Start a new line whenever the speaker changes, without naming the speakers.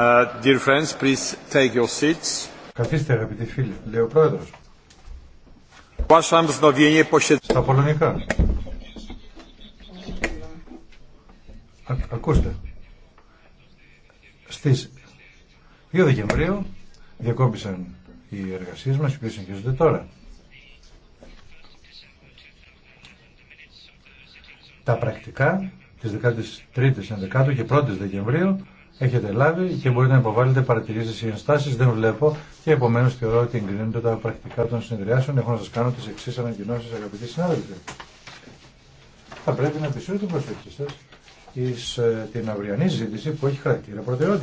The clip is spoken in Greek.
Uh,
Καθίστε αγαπητοί φίλοι, λέει ο πρόεδρος. Στα πολωνικά. Α, ακούστε. Στις 2 Δεκεμβρίου διακόπησαν οι εργασίες μας, οι οποίες συνεχίζονται τώρα. Τα πρακτικά τη 13 η 11ης και 1 η Δεκεμβρίου έχετε λάβει και μπορείτε να υποβάλλετε παρατηρήσει ή ενστάσει. Δεν βλέπω και επομένω θεωρώ ότι εγκρίνονται τα πρακτικά των συνεδριάσεων. Έχω να σα κάνω τι εξή ανακοινώσει, αγαπητοί συνάδελφοι. Θα πρέπει να επισύρω την προσοχή σα ε, την
αυριανή ζήτηση που έχει χαρακτήρα προτεραιότητα.